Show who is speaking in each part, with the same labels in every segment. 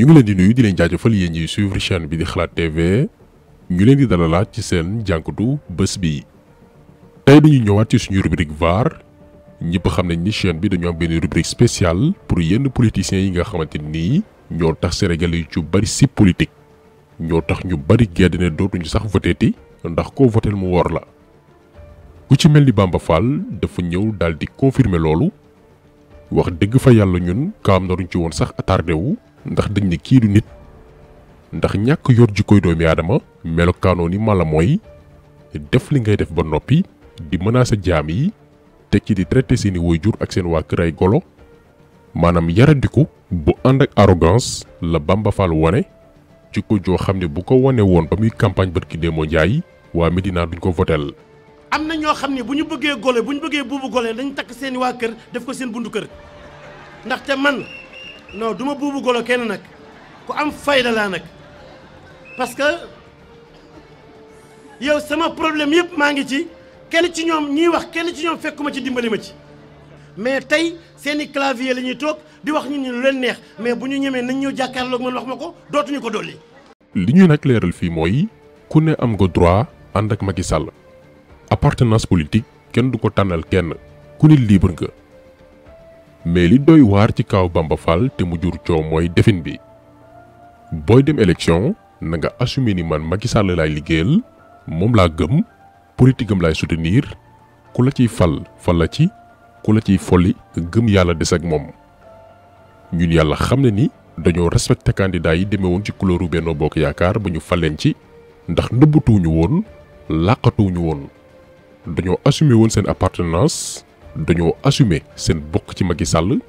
Speaker 1: ñu ngi leen di nuyu di leen jaajëfal yéen ñi suivre chaîne bi di xalaat tv ñu leen di dalalaat ci seen jànkatu bés bi tey dañu ñëwaat ci suñu rubrique var ñëpp xam nañ ni chaîne bi dañu am benn rubrique spéciale pour yenn politiciens yi nga xamante ni ñoo tax Sénégal yi ci bari si politique ñoo tax ñu bari gedd ne dootuñu sax ti ndax koo voté mu wor la ku ci mel ni bamba fall dafa ñëw daal di confirmer loolu wax dëgg fa yàlla ñun kaam naruñ ci woon sax attardé wu ndax dañ ne kii du nit ndax ñàkk yor koy doomi aadama melokaanoo ni mala mooy def li ngay def ba noppi di menacer jaam yi te ci di traité seeni woyjur ak seen waa kër ay golo maanaam yaradiku bu ànd ak arrogance la bamba fal wone ci ko joo xam ne bu ko wone woon ba muy campagne barki demoo njaay waa medina duñ ko votel
Speaker 2: am na ñoo xam ne bu ñu bëggee gole bu ñu gole dañ takk seen waa kër def ko seen bundu kër ndaxte man non du ma buubu golo kenn nag ku am fayda laa nag parce que yow sama problème yëpp maa ngi ci kenn ci ñoom ñiy wax kenn ci ñoom fekkuma ci dimbali ma ci mais tey seeni clavier la ñuy toog di wax ñun ñu lu leen neex mais bu ñu ñemee nañ ñëw jàkkaarloog man wax ma ko dootuñu ko dolli.
Speaker 1: li ñuy nag leeral fii mooy ku ne am nga droit ànd ak Macky Sall appartenance politique kenn du ko tànnal kenn ku ne libre nga. mais li doy war ci kaw Bamba Fall te mu jur coow moy defin bi boy dem election na nga assumer ni man Macky Sall lay liguel mom la gem lay soutenir la fal fal la ci ku la ciy folli gem yalla dess ak mom ñun yalla xamne ni dañu respecté candidat yi demé won ci couleur benno bok yakar ba ñu faleen ci ndax won laqatu ñu won dañu assumer won sen appartenance dañoo assumer seen bokk ci Macky Sall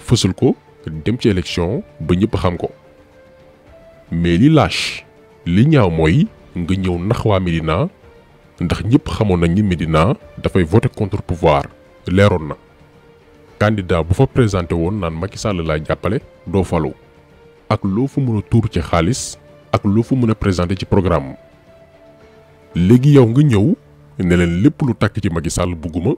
Speaker 1: fësul ko dem ci élection ba ñëpp xam ko mais li lâche li ñaaw mooy nga ñëw nax waa Médina ndax ñëpp xamoon nañ ni dafay voté contre pouvoir leeroon na. candidat bu fa présenté woon naan Macky Sall laay jàppale doo falu ak loo fa mën tuur ci xaalis ak loo fu mën a présenté ci programme léegi yow nga ñëw ne leen lépp lu takk ci Macky Sall bugguma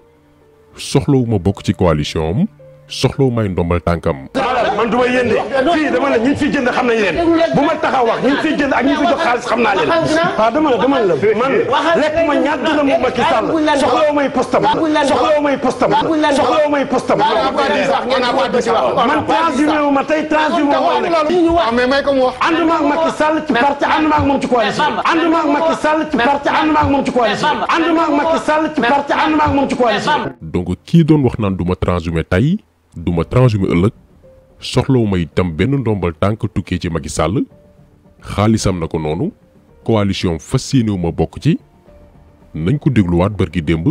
Speaker 1: soxlawuma bokk ci coalition am soxlawu may ndombal tànkam. man du ma yënde fii dama ne ñi fi jënd xam nañ leen bu ma taxaw wax ñi fi jënd ak ñi fi jox xaalis xam naa leen waaw
Speaker 2: dama ne dama la man lekk ma ñaar dërëm mu Macky Sall soxlawu may postam soxlawu may postam soxlawu may postam man transhumé wu ma tey transhumé wu ma ah, mais may ko mu wax ànduma ak Macky Sall ci parti ànduma ak moom ci coalition ànduma ak Macky Sall ci parti ak moom ci coalition ànduma ci parti ànduma moom ci coalition
Speaker 1: donc kii doon wax naan du ma transhumé tey du ma transhumé ëllëg soxlawuma itam benn ndombal tànk tukkee ci Macky Sall xaalisam na ko noonu coalition fas yéenewuma bokk ci nañ ko dégluwaat bërki démb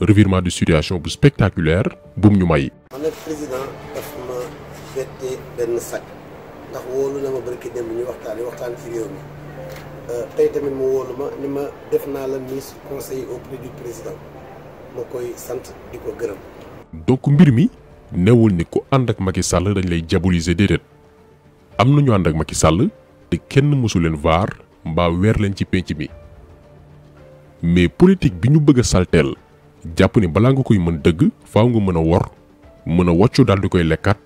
Speaker 1: revirement de situation bu spectaculaire bum ñu may.
Speaker 2: man président daf ma bette benn sac ndax wóolu na ma bërki démb ñu waxtaan waxtaan ci mi euh, tey tamit mu wóolu ma ni ma def naa la mise conseil auprès du président ma koy sant di ko gërëm.
Speaker 1: donc mbir mi. newul ni ku and ak Macky Sall dañ lay diaboliser dedet am ñu and ak Macky Sall te kenn musul len var mba wer len ci penc bi mais politique bi ñu bëgg saltel japp ni bala nga koy mëna dëgg faaw nga mëna wor mëna waccu dal daal di koy lekkat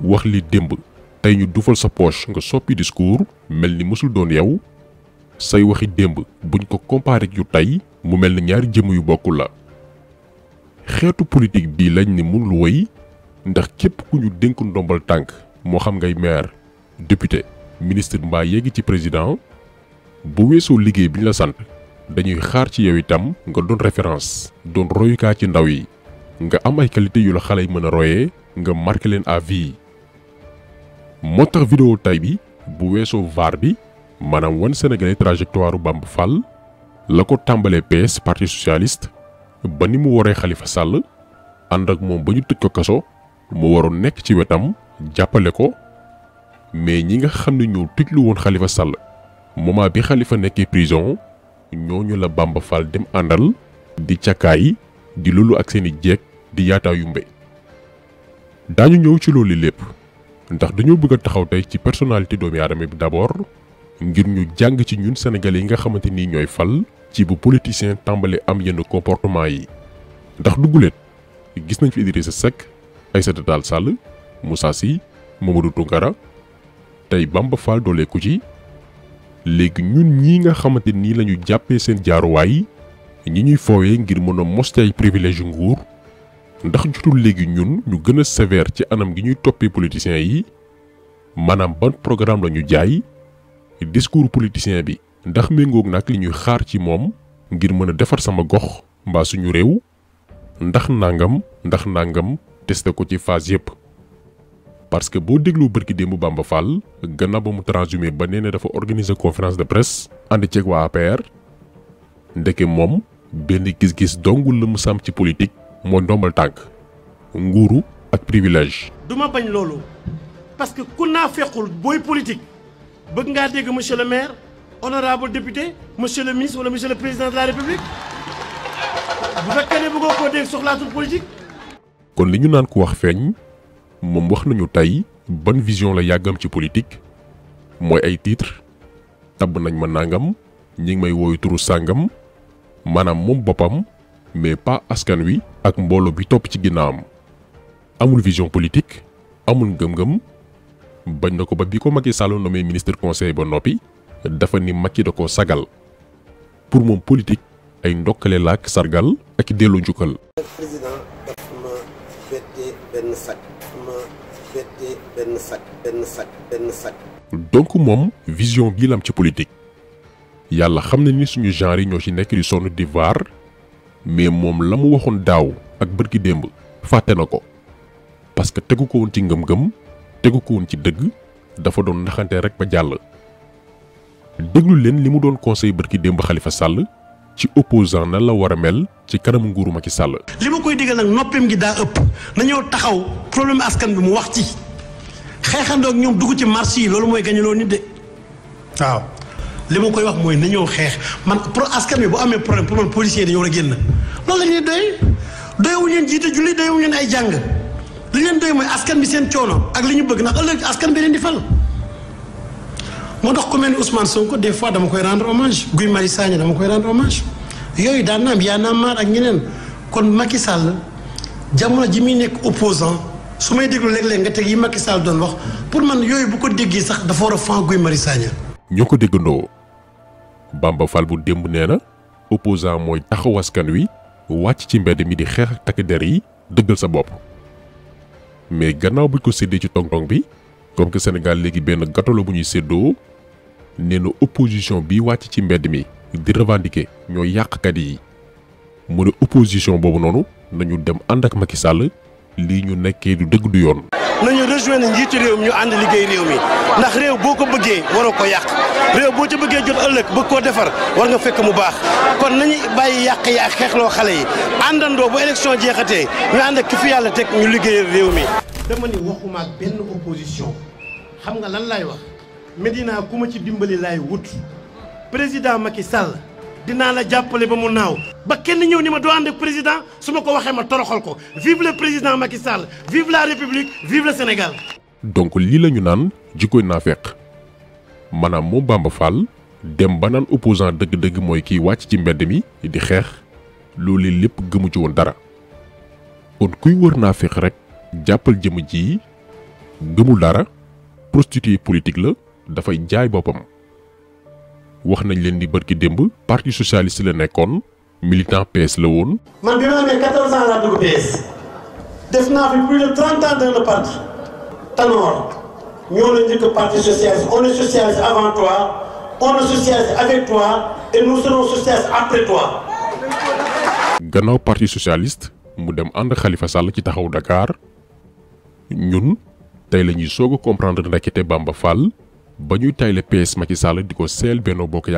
Speaker 1: wax li demb tay ñu duffal sa poche nga soppi discours mel ni doon yaw say waxi demb buñ ko comparer ak yu tay mu melni ñaari yu bokku la xéetu politique bi lañ ni mënul woy ndax képp ku ñu dénk ndombal tànk moo xam ngay maire député ministre mbaa yéegi ci président bu weesoo liggéey bi ñu la sant dañuy xaar ci yow itam nga doon référence doon royukaa ci ndaw yi nga am ay qualité yu la xale yi mën a royee nga marqué leen à vie moo tax vidéo tay bi bu weesoo VAR bi maanaam wan sénégalais trajectoire Bamba Fall la ko tàmbalee PS parti socialiste ba ni mu waree xalifa Sall ànd ak moom ba ñu tëj ko kaso mo waroon nek ci wetam jappale ko mais ñi nga xamni ne ñoo tëjlu woon xalifa sàll moment bi khalifa nek prison ñooñu la bamba fal dem andal di càkkaay di lulu ak seeni jek di Yata yumbe dañu ñew ci loolu lepp ndax dañu bëgg taxaw tay ci personnalité doomi adamé bi ngir ñu jang ci ñun sénégalais yi nga xamanteni ñoy fal ci bu politicien tambalé am yeen comportement yi ndax dugguleet gis nañ fi Idrissa Seck Aïssata Tall Sall si Sy Mamadou Tunkara tey Bamba Fall dooleeku ci léegi ñun ñi nga xamante nii lañu jàppee seen jaaruwaay ñi ñuy foowee ngir mën a mos ay privilège nguur ndax jotul léegi ñun ñu gën a sévère ci anam gi ñuy toppee politiciens yi maanaam ban programme lañu jaay discours politicien bi ndax méngoog nag li ñuy xaar ci moom ngir mën a defar sama gox mbaa suñu réew ndax nangam ndax nangam testé ko ci phase yëpp parce que boo déglu bërki démb Bamba fal gannaaw ba mu transhumé ba nee dafa organiser conférence de presse ànd ceeg waa APR ndeke moom benn gis-gis dongul la mu sàmm ci politique moo ndombal tànk nguuru ak privilège
Speaker 2: duma bañ loolu parce que ku naa fekkul booy politique bëgg ngaa dégg monsieur le maire honorable député monsieur le ministre wala monsieur le président de la république bu fekkee ne bëggoo koo dégg soxlaatul politique
Speaker 1: kon li ñu naan ku wax feeñ moom wax nañu tey ban vision la yàggam ci politique mooy ay titre tab nañ ma nangam ñi may wooyu turu sangam manam moom boppam mais pas askan wi ak mbolo bi topp ci amul vision politique amul ngëm-ngëm bañ na ko ba bi ko Macky Sall nommé ministre conseil ba noppi dafa ni Macky da sagal pour moom politique ay ndokkale laak sargal ak delloo njukkal.
Speaker 2: benn
Speaker 1: donc moom vision bii la ci politique yàlla xam na ni suñu genre yi ñoo ci nekk di sonn di vaar mais moom la mu waxoon daaw ak bërki démb fàtte na ko parce que tegu ko woon ci ngëm-ngëm tegu ko woon ci dëgg dafa doon naxante rek ba jàll déglu leen li mu doon conseil bërki démb xalifa sàll ci opposant nan la war a mel ci kanamu nguuru Macky Sall.
Speaker 2: li ma koy digal nag noppam gi daa ëpp ñëw taxaw problème askan bi mu wax ci xeexandoo ak ñoom dugg ci marché yi loolu mooy gañaloo nit de waaw. li ma koy wax mooy ñëw xeex man pro askan bi bu amee problème pour man policier dañoo war a génn loolu la ñuy doy doyewuñu leen jiite julli doyewuñu leen ay jàng li leen doy mooy askan bi seen coono ak li ñu bëgg ndax ëllëg askan bi leen di fal. moo tax ku mel ni Ousmane Sonko des fois dama koy rendre hommage Guy Marius Sagna dama koy rendre hommage yooyu daan na am yaa naa ak ñeneen kon Macky Sall jamono ji muy nekk opposant su may déglu léeg-léeg nga teg yi Macky Sall doon wax pour man yooyu bu ko déggee sax dafa war a Guy Marius Sagna
Speaker 1: ñoo ko Bamba Fall bu démb nee na opposant mooy taxaw askan wi wàcc ci mbedd mi di xeex ak takk der yi dëggal sa bopp mais gannaaw buñ ko séddee ci tong bi comme que Sénégal léegi benn gâteau bu ñuy séddoo nee na opposition bi wàcc ci mbedd mi di revendiquer ñoo yàqkat yi mu ne opposition boobu noonu nañu dem ànd ak Macky sàll li ñu nekkee du dëgg du yoon.
Speaker 2: nañu rejoindre njiitu réew mi ñu ànd liggéey réew mi ndax réew boo ko bëggee waroo ko yàq réew boo ca bëggee jot ëllëg bëgg koo defar war nga fekk mu baax kon nañu bàyyi yàq yi ak xeexloo xale yi àndandoo bu élection jeexatee ñu ànd ak ki fi yàlla teg ñu liggéeyal réew mi. dama ni nga lan laay wax. Médina ku ma ci dimbali laay wut président Macky Sall dinaa la jàppale ba mu naaw ba kenn ñëw ni ma doo ànd ak président su ma ko waxee ma toroxal ko vive le président Macky Sall vive la République vive le Sénégal.
Speaker 1: donc lii la ñu naan jikkoy naafeq maanaam moom Bamba Fall dem ba naan opposant dëgg-dëgg mooy kiy wàcc ci mbedd mi di xeex loolu lépp gëmu ci woon dara kon kuy wër naafeq rek jàppal jëmm ji gëmul dara prostituée politique la. dafay jaay bopam wax nañ leen di barki demb parti socialiste la nekkoon militant PS la won
Speaker 2: man bi ma 14 ans la dug PS def na fi plus de 30 ans dans le parti Tanor ñoo la njëkk parti socialiste on est socialiste avant toi on est socialiste avec toi et nous serons socialistes après toi.
Speaker 1: gannaaw parti socialiste mu dem and Khalifa Sall ci taxaw Dakar ñun tay lañuy ñuy comprendre ndekete Bamba Fall bañu ñuy tayle PS Macky Sall di sel seel benno bokk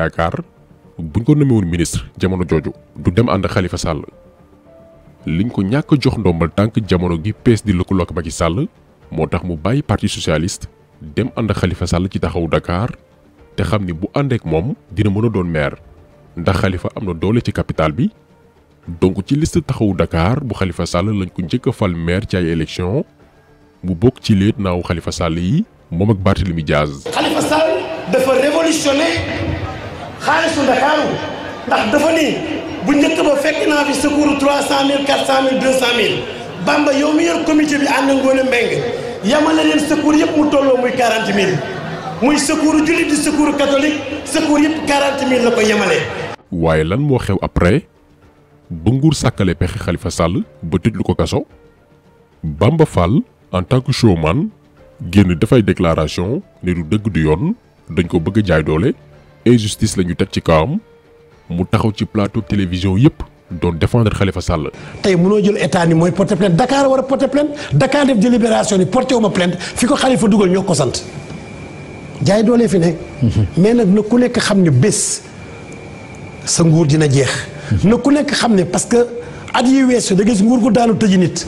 Speaker 1: buñ ko won ministre jamono jojo du dem and Khalifa Sall liñ ko ñak jox ndombal tank jamono gi PS di lëkkaloo ak Macky Sall motax mu parti socialiste dem anda Khalifa Sall ci taxaw Dakar te xamni bu andek mom dina mëna doon maire ndax Khalifa amna doole ci capital bi donc ci liste taxaw Dakar bu Khalifa Sall lañ ko jëk fal maire ci ay élection mu bok ci leet naaw Khalifa Sall yi moom ak Barthélemy Diaz.
Speaker 2: Khalifa Sall dafa révolutionné xaalisu Ndakaaru ndax dafa ni bu njëkk ba fekk naa fi secours trois cent mille quatre cent mille deux cent mille Bamba yow mi yor comité bi ànd ngoone mbeng yamale leen secours yëpp mu tolloo muy quarante mille muy secours jullit di secours catholique secours yëpp quarante mille la ko yemale.
Speaker 1: waaye lan moo xew après ba nguur sàkkale pexe Khalifa Sall ba tëj lu ko kaso Bamba Fall en tant que showman. génn dafay déclaration ne du dëgg du yoon dañ ko bëgg jaay doole injustice lañu ñu teg ci kawam mu taxaw ci plateau télévision yépp doon défendre Khalifa Sall.
Speaker 2: tey mënoo jël état ni mooy porter plainte Dakar war a porter plainte Dakar def délibération ni porté wu plainte fi ko Khalifa dugal ñoo ko sant jaay doole fi ne. mais nag na ku nekk xam ne bés sa nguur dina jeex. na ku nekk xam ne parce que at yi weesu da gis nguur gu daanu tëji nit.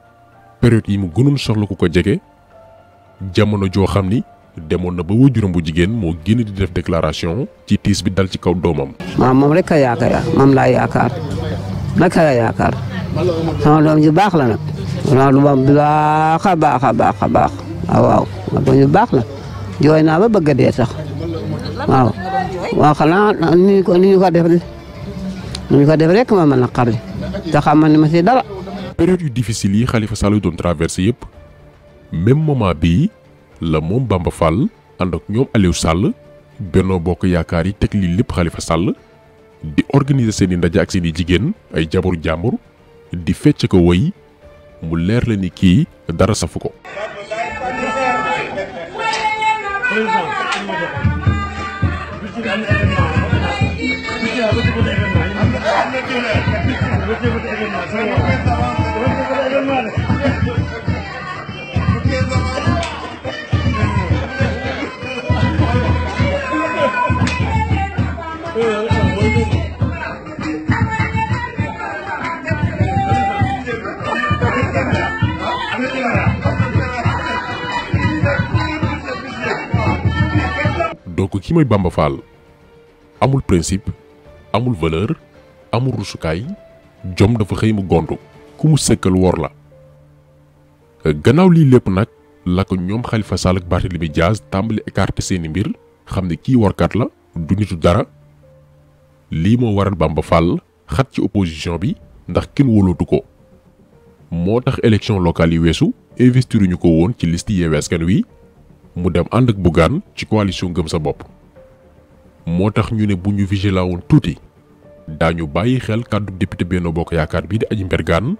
Speaker 1: période yi mu gënoon soxla ku ko jege jamono joo xam ni demoon na ba waajuram bu jigéen moo génn di def déclaration ci tiis bi dal ci kaw doomam.
Speaker 2: waaw moom rek a yaakaar moom laa yaakaar rek a yaakaar sama doom ju baax la nag. waaw lu baax a baax a baax a baax waaw doom ju baax la jooy naa ba bëgg a dee sax waaw. waaw xanaa ni ñu ko ni ko def ni ma mën a xar te xam ma ne ma si dara.
Speaker 1: période difficile que Khalifa Sall même moment bi, le monde Bamba Fall en ñom Aliou Sall Benno Bokk Yaakaar yi teg li lepp Khalifa Sall di organiser seen ndaja ak seen i ay di fecc ko mu la ni dara ki mooy Bamba amul principe amul valeur amul rusukaay jom dafa xëy mu gontu ku mu sëkkal wor la gannaaw lii lépp nag la ko ñoom xalifa Sall ak Barthélémy Dias tàmbali écarté seeni mbir xam ne kii warkat la du nitu dara lii moo waral Bamba Fall xat ci opposition bi ndax kenn wóolootu ko moo tax élection locale yi weesu investiruñu ko woon ci liste Yewwi Askan Wi mu dem ànd ak Bougane ci coalition Gëm sa bopp moo tax ñu ne bu ñu vigilant woon tuuti daañu bàyyi xel kàddu député Benno Bokk Yaakaar bii di Aji Mbergane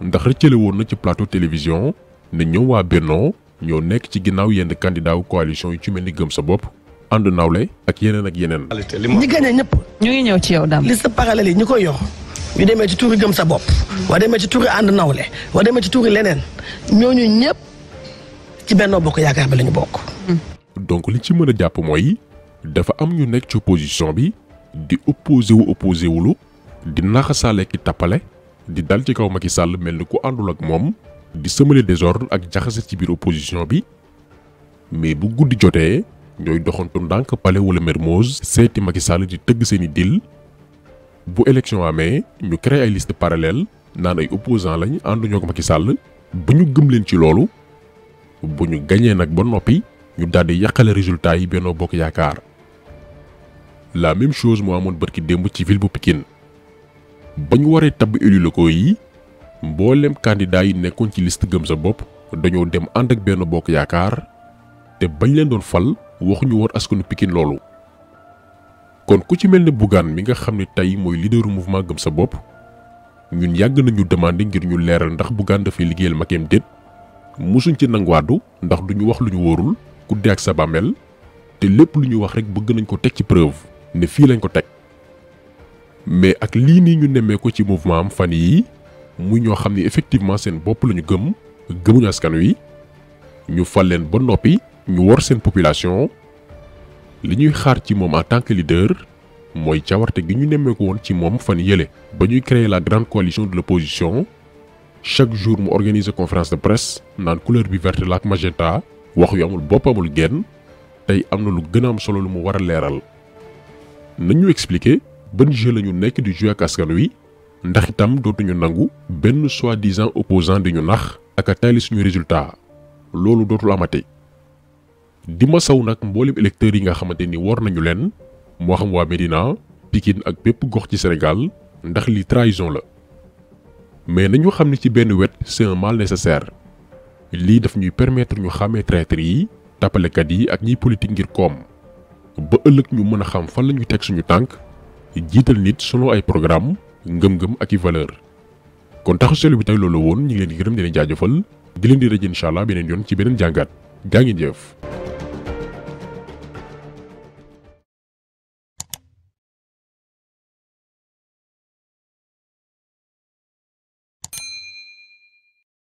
Speaker 1: ndax rëccale woon na ci plateau télévision ne ñëw waa Benno ñoo nekk ci ginnaaw yenn candidat wu coalition yu ci mel ni gëm sa bopp ànd nawle ak yeneen ak yeneen. ñi
Speaker 2: gagné ñëpp. ñu ngi ñëw ci yow Dame. liste parallèle yi ñu koy yor ñu demee ci tuuri gëm sa bopp. waa demee ci tuuri ànd nawle waa demee ci tuuri leneen ñooñu ñëpp ci Benno Bokk Yaakaar bi la ñu bokk.
Speaker 1: donc li ci mën a jàpp mooy. dafa am ñu nek ci opposition bi di opposé wu opposé lu di naxasaale ki tapalé di dal ci kaw Macky Sall melni ku ak di désordre ak jaxassé ci biir opposition bi mais bu guddi jotee ñooy doxantu ndànk Palais wala Mermoz séti Macky Sall di tëgg seeni dil bu élection amee ñu créé ay liste parallèle naan ay opposants lañ andu ak Macky Sall bu ñu gëm leen ci lolu bu ñu nous ba nopi ñu résultat yi la même chose mo amone barki démb ci ville bu Pikine bañ waré tab élu loko yi mbollem candidat yi nekkon ci liste gëm sa bop dañoo dem and ak benn bok yaakaar te bañ leen doon fal ñu woon askunu Pikine lolu kon ku ci melni ne mi nga xamni tay moy leader mouvement gëm sa bop ñun yag nañu demander ngir ñu leeral ndax da dafay liggéeyal makem déet musuñ ci nanguwaadu ndax duñu wax luñu worul ku dé ak sa bamel té lepp luñu wax rek bëgg nañ ko tek ci preuve ne fi lañ ko tek mais ak li ni ñu nemmee ko ci mouvement am fan yi mu ñoo xamni effectivement seen bop la gëm gëm ñu askan wi ñu falen ba ñu wor seen population li ñuy xaar ci mom en tant que leader moy cawarte gi ñu nemmee ko won ci mom fan yele ba ñuy créer la grande coalition de l'opposition chaque jour mu organise conférence de presse nan couleur bi verte la magenta wax yu amul bop amul genn tay amna lu gëna am solo lu mu war nañ expliquer ban jeu lañu nek di jouer ak askan wi ndax itam dootuñu nangu Ben soi-disant opposant di ñu nax ak a tayli suñu résultat lolu dootul amaté di ma saw nak mboolem électeur yi nga xamante ni war nañu len moo xam wa medina Pikine ak bép gox ci Sénégal ndax li trahison la mais nañu xamni ci ben wette c'est un mal nécessaire li daf ñuy permettre ñu xamé traître yi kat yi ak ñi politique ngir koom ba ëllëg ñu mën a xam fan la ñuy teg suñu tànk jiital nit solo ay programme ngëm-ngëm ak i valeur kon taxu seelu bi tey loolu woon ñu ngi leen di gërëm di jaajëfal di leen di rajo incha allah beneen yoon ci beneen jàngat gaa ngi jëf.